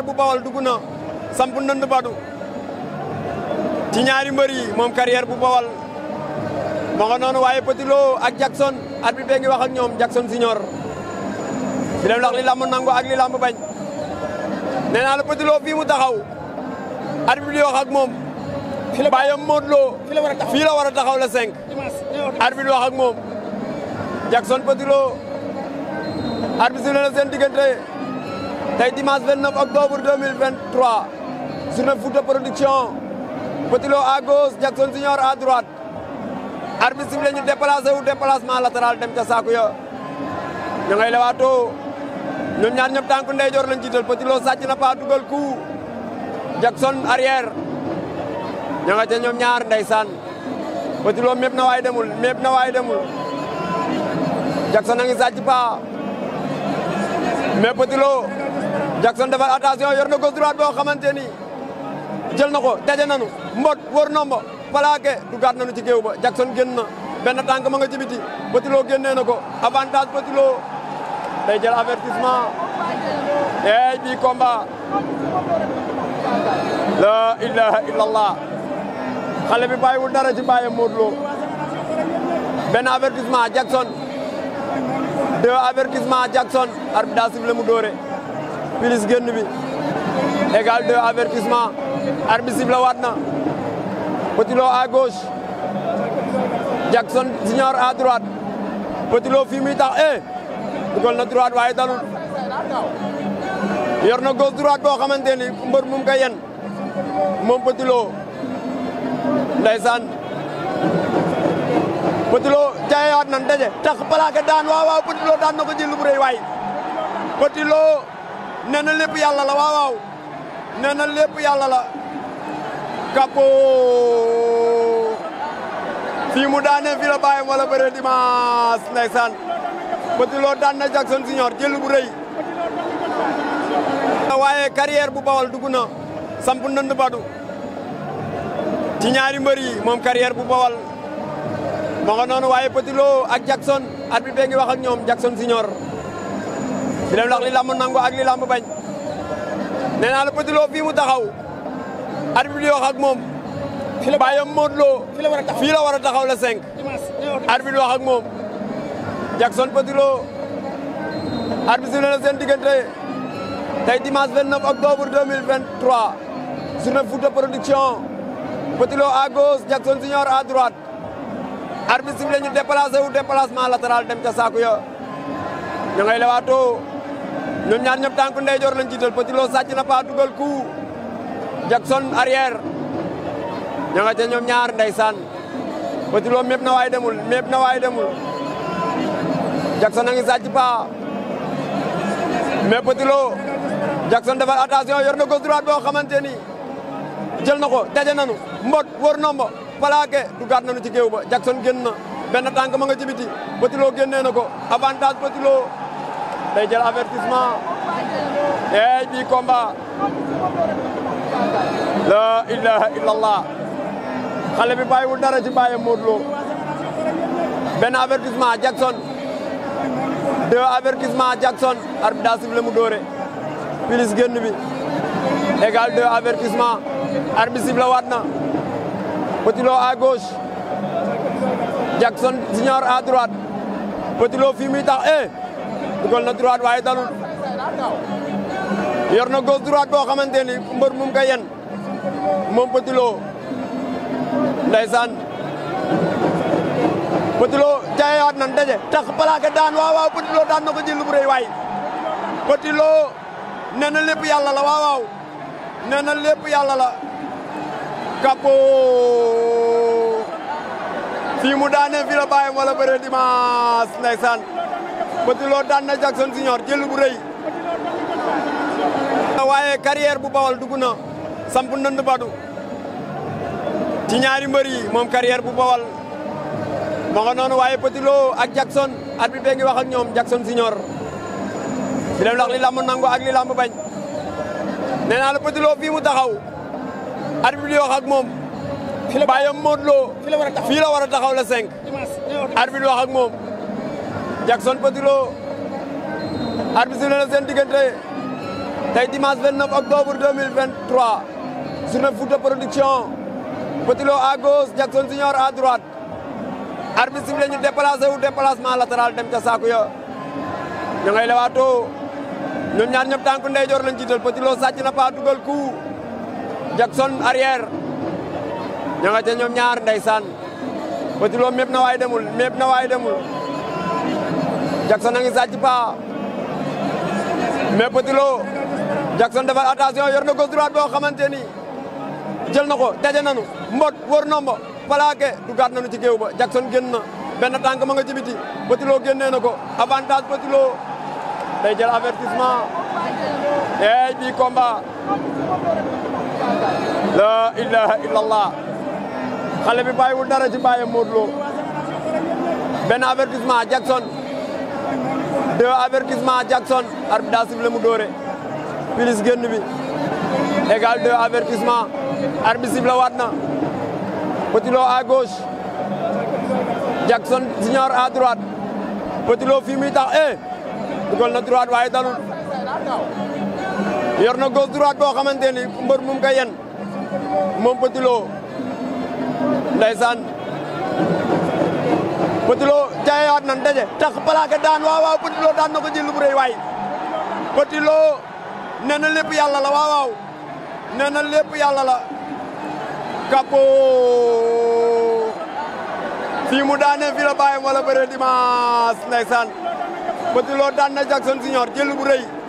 maire bu bawal dugg na samp nënd badu ci ñaari mbër moom carrière bu bawal ma nga noonu waaye Petit Lo ak Jackson at bi bee wax ak ñoom Jackson senior di leen wax li lamb nangu ak li lamb bañ nee naa la Petit mu taxaw at bi di wax ak moom bàyyam Modou loo fii la war a taxaw la cinq at bi di ak moom Jackson Petit Lo at bi si ne tey dimanche 29 octobre 2023 journée foot de production Petit Lo à gauche Jackson Junior à droite arbitre bi la ñu déplacé wu déplacement latéral dem ca saako ya ña ngay lewaatoo ñoom ñaar ñëpp tànku ndeyjoor lañ jiital Petit Lo sàcc na pas dugal coup Jackson arrière ña nga ca ñoom ñaar ndeysaan Petit Lo mépp na waay demul mépp na waay demul Jackson a ngi sàcc pas mais Jackson defal attention yor na gauche droite boo xamante ni jël na ko daje nañu mbot wër nomba plaqué duggaat nañu ci géew ba Jackson génn na benn tànk ma nga ci biti Petit Lo na ko avantage Petit Lo day jël avertissement ey bi combat la ilaha illallah xale bi bàyyiwul dara ci bàyyi Modou Lo benn avertissement Jackson deux avertissement Jackson arbitre mu dóore pilis génn bi égal deux avertissement arbitre sifflé waat na Petit Lo à gauche Jackson Junior à droite Petit Lo fii eh! na droite waaye dalul yor na gauche droite boo xamante ni mbër mu ko yen moom Petit Lo ndeysaan Petit Lo jaayewaat daan waaw waaw daan na ko jël bu rëy nee na lépp yàlla la waaw na lépp yàlla la Kapo mu daane fi la bàyyi wala bëre dimanche ndeysaan Petit Lo daan na Jackson Senior jël bu waaye carrière bu bawal dugg na samp nënd badu ci ñaari mbër moom carrière bu bawal ma nga noonu waaye Petit Lo ak Jackson at bi bee ngi wax ak ñoom Jackson Senior di leen wax li lamb nangu ak li lamb bañ nee la Petit Lo mu taxaw arbitre bi wax ak moom bàyyam Modou Lo fii la war a taxaw la cinq arbitre bi wax ak moom Jackson Petit Lo arbitre bi ne la seen diggante tey dimanche 29 octobre 2023 journée foot de production Petit Lo à gauche Jackson Senior à droite arbitre bi la ñu déplacé wu déplacement dem ca saaku ya ña ngay ñoom ñaar ñëpp tànku ndeyjoor lañ jiital Petit Lo sàcc na pas dugal coup Jackson arrière ña nga ca ñoom ñaar ndeysaan Petit Lo mépp na waay demul mépp na waay demul Jackson angi ngi sàcc pas mais Petit Lo Jackson defal attention yor na gauche droite boo xamante ni jël na ko daje nanu mbot wër nomba plaqué dugaat nanu ci géew ba Jackson génn na benn tànk ma nga ci biti Petit génnee na ko avantage Petit Lo day jël avertissement ey bi combat la ilaha illallah xale bi bàyyiwul dara ci bàyyi Modou Lo benn avertissement Jackson deux avertissement Jackson arbitre daa sifflé mu dóore pilis génn bi égal deux avertissement arbitre sifflé waat na Petit Lo à gauche Jackson Junior à droite Petit dugal na droite waaye dalul yor na gauche droite boo xamante ni mbër mu ngi koy yen moom Petit Lo ndeysaan Petit nan daje tax plaqué daan waaw waaw Petit Lo daan na ko jël bu rëy waay Petit Lo nee na lépp yàlla la waaw waaw nee na lépp Petit Lo daan na Jackson Senior jël bu rëy waaye carrière bu bawal dugg na samp nënd badu ci ñaari mbër moom carrière bu bawal ma nga noonu waaye Petit Lo ak Jackson at bi bee ngi wax ak ñoom Jackson Senior di leen wax li làmb nangu ak li làmb bañ nee naa la Lo fii mu taxaw at bi di wax ak moom bàyyam Modou Lo fii la war a taxaw la cinq at bi di moom Jackson Petit Lo arbitre bi na seen diggante tey dimanche 29 octobre 2023 journée foot de production Petit Lo à gauche Jackson Junior à droite arbitre bi la ñu déplacé wu déplacement latéral dem ca saaku ya ña ngay lewaatoo ñoom ñaar ñëpp tànku ndeyjoor lañ jiital Petit Lo sàcc na pas dugal coup Jackson arrière ña nga ca ñoom ñaar ndeysaan Petit Lo na waay demul mépp na waay demul Jackson a ngi sàcc paa mais Petit Lo Jackson defal attention yor na gauche droite boo xamante ni jël na ko daje nanu mbot wër nomba plaqué dugaat nanu ci géew ba Jackson génn na benn tànk ma nga ci biti Petit Lo na ko avantage Petit Lo day jël avertissement ey bi combat la ilaha illallah xale bi bàyyiwul dara ci bàyye Modou Lo benn avertissement Jackson deux avertissement Jackson arbitre daa sifflé mu dóore pilis génn bi égal deux avertissement arbitre sifflé waat na Petit Lo à gauche Jackson Junior à droite Petit eh! na droite waaye dalul yor na gauche droite boo xamante ni mbër mum ka yen moom Petit Petit Lo jayewaat nan daje tax plaqué daan waaw waaw Petit Lo daan na ko jël bu rëy waay Petit Lo nee na lépp yàlla la waaw waaw nee na lépp yàlla la Kapo fii wala bëre dimanche ndeysaan Petit Lo daan na Jackson Senior jël bu